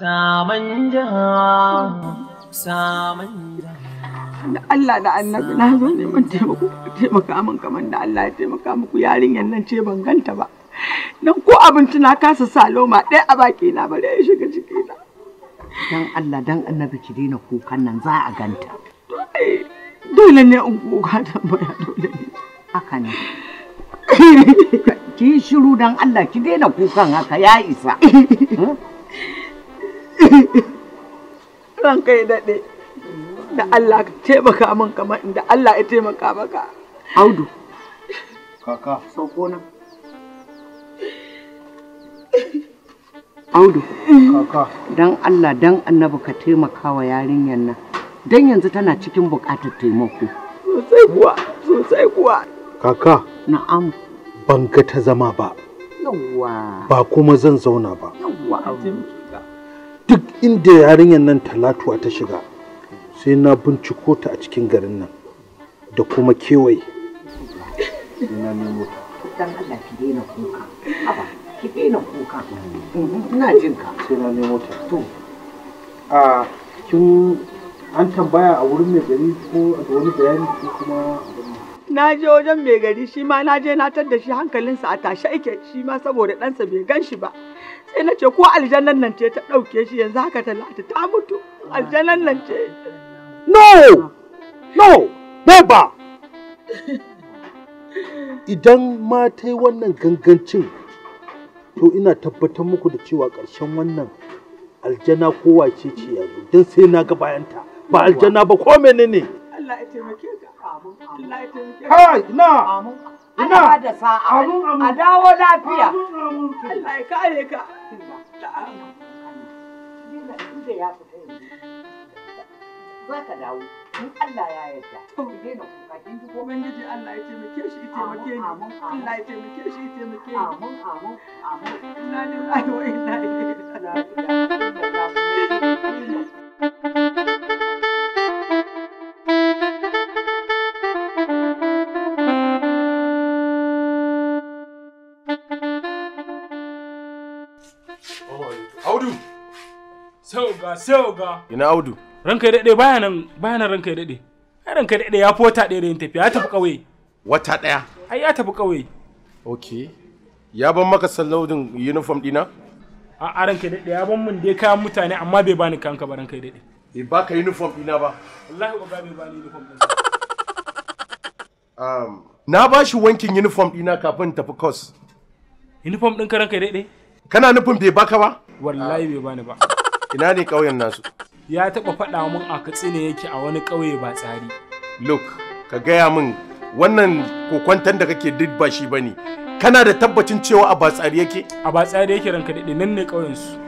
Saman jiha, Da Allah da annabi na zo neman taimako, taimaka min kamar da Allah ya taimaka muku yarinyar nan ce ban ganta ba. Nan ko abinci na kasa sa loma ɗaya a baki na bare ya shiga ciki na. Dan Allah dan annabi ki daina kukan nan za a ganta. Dole ne in kuka da baya dole ne. Haka ne. Ki shiru dan Allah ki daina kukan haka ya isa. ranka ya daɗe da Allah ka taimaka min kamar inda Allah ya taimaka maka audu kaka sauko nan audu kaka dan Allah dan annabi ka taimaka wa yarinyar nan dan yanzu tana cikin buƙatar taimako sosai kuwa sosai kuwa kaka na'am Banka ta zama ba yawwa ba kuma zan zauna ba yawwa duk inda yarinyar nan talatuwa ta shiga sai na binciko ta a cikin garin nan da kuma kewaye na nemo ta dan Allah ki daina kuka aba ki daina kuka ina jin ka sai na nemo ta to a kin an tambaya a wurin mai gari ko a wani bayani ko kuma na je wajen mai gari shi ma na je na tar da shi hankalinsa a tashi ake shi ma saboda ɗansa bai gan shi ba sai na ce ko aljannan nan ce ta ɗauke shi yanzu haka talatu ta mutu aljannan nan ce no no baba idan ma ta yi wannan gangancin to ina tabbatar muku da cewa ƙarshen wannan aljana ko wace ce yanzu don sai na ga bayanta ba aljana ba ko menene Allah ya taimake ka amin Allah ya taimake ka na amin ana da sa'a a dawo lafiya Allah ya kare ka za ka dawo in Allah ya yarda to daina ji ko Allah ya taimake shi ya taimake ni Allah ya taimake shi ya taimake ni amin amin amin sai ga. ina audu ranka ya dade baya nan baya nan ranka ya dade ai ranka ya dade ya fi wata ɗaya da yin tafiya ya tafi ƙauye wata ɗaya ai ya tafi ƙauye okay ya ban maka sallaudin uniform dina a a ranka ya dade ya ban mun dai kayan mutane amma bai bani ka ba ranka ya dade bai baka uniform dina ba wallahi ba bai bani uniform dina um na ba shi wankin uniform dina kafin tafi course uniform ɗinka ka ranka ya dade kana nufin bai baka ba wallahi bai bani ba ina ne ƙauyen nasu ya taɓa faɗa mun a katsina yake a wani ƙauye ba tsari look ka gaya min wannan kokwantan da kake duk ba shi bane kana da tabbacin cewa a batsari yake a batsari yake ranka daɗe nan ne ƙauyen su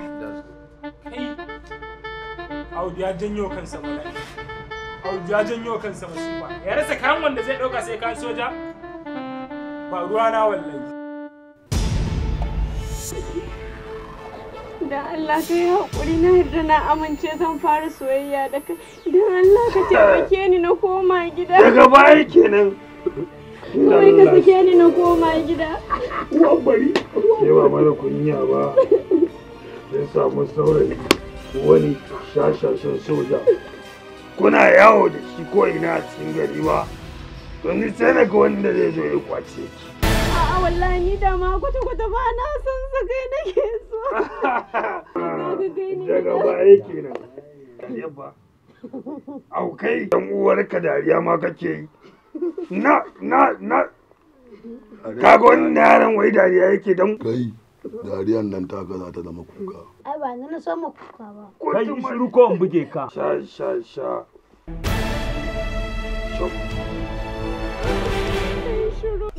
Audu ya janyo kansa bala'i Audu ya janyo kansa masifa ya rasa kayan wanda zai ɗauka sai kayan soja ba ruwa na wallahi Idan Allah ka yi haƙuri na yarda na amince zan fara soyayya da ka, idan Allah ka taimake ni na koma gida daga baya kenan kawai ka sake ni na koma gida bari ke ba mara kunya ba sai samu saurayi wani shashashen soja kuna yawo da shi ko ina cikin gari ba to ni sai daga wanda zai zo ya kwace ki wallahi ni da ma kwata-kwata ba na son su kai nake so. Daga ba aiki nan. Yabba. Au kai dan ka dariya ma kake yi. Na na na Kaga wannan yaran wai dariya yake dan kai dariyan nan ta ga za ta zama kuka. Ai ba na so mu kuka ba. Kai shiru ko in buge ka. Sha sha sha. you.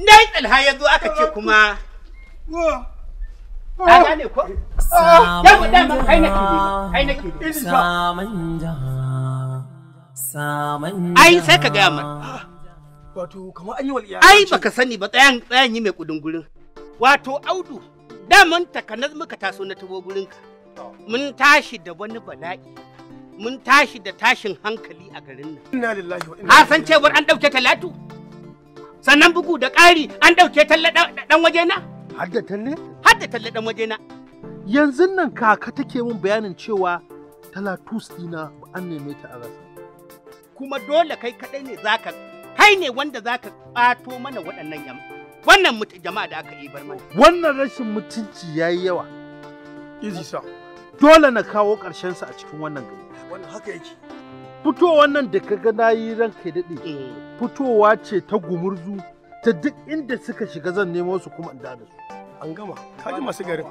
na yi tsalha ya zo aka ce kuma ta gane ko yawa dama kai na ke kai na ke ai sai ka gaya man wato kamar an yi waliya ai baka sani ba tsayan tsayan yi mai kudin gurin wato audu daman takanar muka taso na tabo gurinka mun tashi da wani bala'i mun tashi da tashin hankali a garin nan. Ina lillahi wa ina. san cewar an ɗauke talatu? sannan bugu da ƙari an ɗauke talla ɗan waje na. Hadda talle? Hadda talle ɗan waje na. Yanzu nan kaka take min bayanin cewa talatus dina an neme ta a rasa. Kuma dole kai kaɗai ne ka kai ne wanda ka ɓato mana waɗannan yamma. Wannan jama'a da aka ibar mana. Wannan rashin mutunci ya yi yawa. Izi sa. Dole na kawo ƙarshensa a cikin wannan gari. Wannan haka yake. fitowa nan da kaga na yi ranka daɗe eh. fitowa ce ta gumurzu ta duk inda suka shiga zan nemo su kuma da su an gama Ka ji masu garin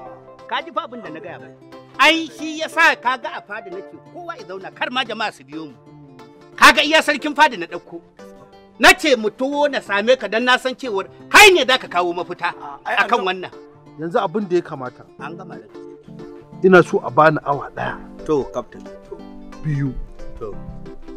ji fa abin da na gaya ba ai shi yasa kaga a fada nake kowa ya zauna kar ma jama'a su biyo mu kaga iya sarkin fada na ɗauko na ce mu tuwo na same ka dan na san cewar kai ne za ka kawo mafita akan wannan yanzu abin da ya kamata an gama da ina so a bani awa ɗaya to captain biyu to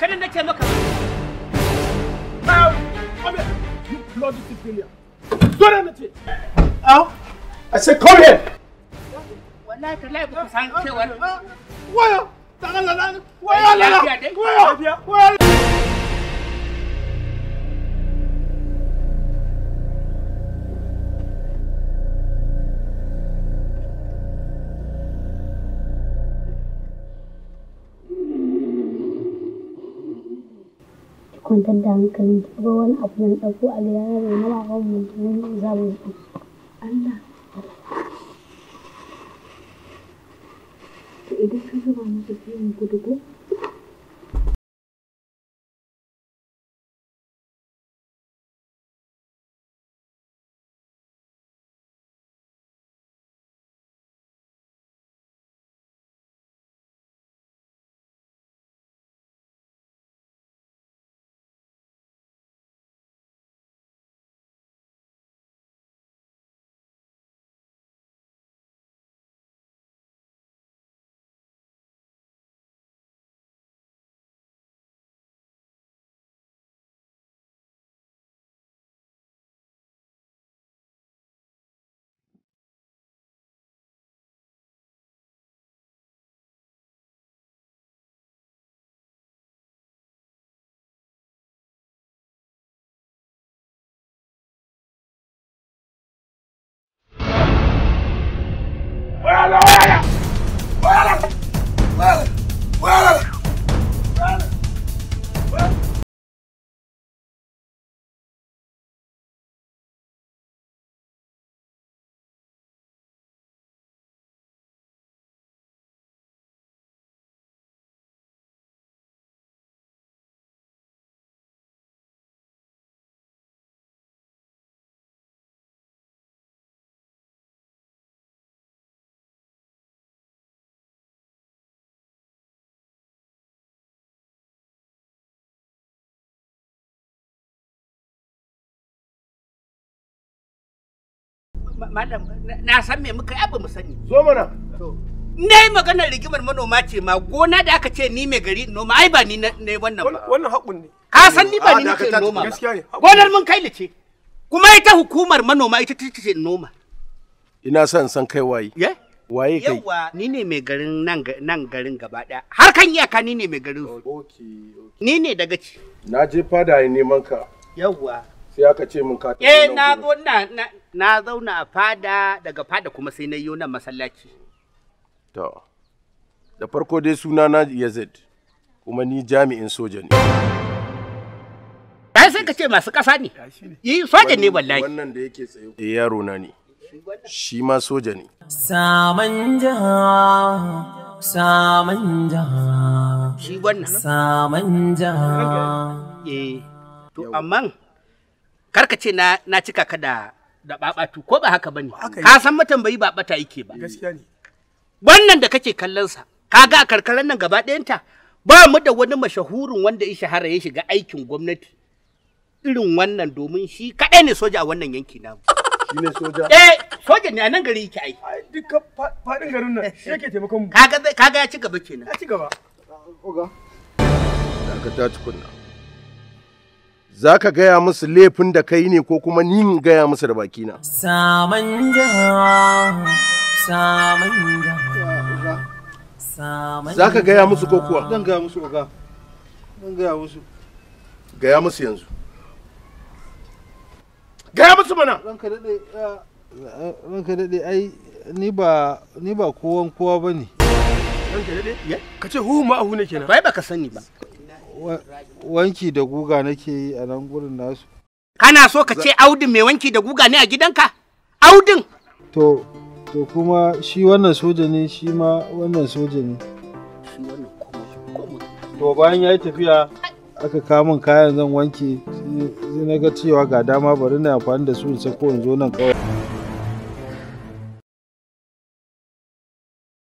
kanin nake maka bloody civilian. Zora na ce. Au, I say come here. Wallahi Waya. Waya. kwantar da hankalin ki wani abu zan ɗauko a gida na bai mara ba mutumin mun za mu zo Allah malam na san me muka yi mu sani zo mana to ne maganar rigimar manoma ce ma gona da aka ce ni mai gari noma ai ba ni ne wannan ba wannan haƙun ne ka san ni ba ni nake noma gonar mun kai ce kuma ita hukumar manoma ita ce noma ina son san kai waye waye kai yawa ni ne mai garin nan garin gaba daya har kan iyaka ni ne mai garin ni ne daga ci na je fada neman ka yawa sai aka ce mun ka eh na zo na na zauna a fada daga fada kuma sai na yi nan masallaci to da farko dai suna na Yazid kuma ni jami'in soja ne ai sai ka ce masu kasa ne yi soja ne wallahi wannan da yake tsaye eh yaro na ne shi ma soja ne saman jaha saman jaha shi wannan saman jaha eh to amman karka ce na na cika ka da da babatu ko ba haka bane ka san matambayi ba bata yake ba gaskiya ne wannan da kake kallon sa kaga a karkaran nan gaba ɗayanta ba mu da wani mashahurin wanda ya shahara ya shiga aikin gwamnati irin wannan domin shi kaɗai ne soja a wannan yanki namu ne soja? Eh, soja ne a nan gari yake ai. Duka faɗin garin nan shi yake taimakon mu. Kaga ya ci gaba kenan. Ya ci gaba. Oga. Dakata tukunna. za ka gaya musu laifin da ka yi ne ko kuma ni in gaya musu da bakina. Saman jaha, saman jaha. Za ka gaya musu ko kuwa? Zan gaya musu oga. Zan gaya musu. Gaya musu yanzu. Gaya musu mana. Ranka daɗe, ranka daɗe ai ni ba ni ba kowan kowa bane. Ranka daɗe, ka ce huhu ma'ahu ne kenan. Bai ba ka sani ba. wanki da guga nake yi a nan gurin nasu kana so ka ce audin mai wanki da guga ne a gidanka audin to to kuma shi wannan soja ne shi ma wannan soja ne to bayan ya yi tafiya aka kamun kayan zan wanki sai na ga cewa ga dama bari na amfani da su in sako in zo nan kawai